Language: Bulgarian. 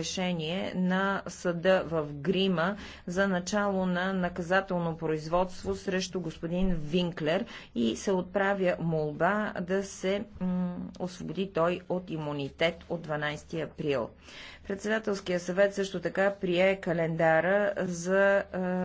решение на съда в Грима за начало на наказателно производство срещу господин Винклер и се отправя молба да се освободи той от имунитет от 12 април. Председателския съвет също така прие календара за е,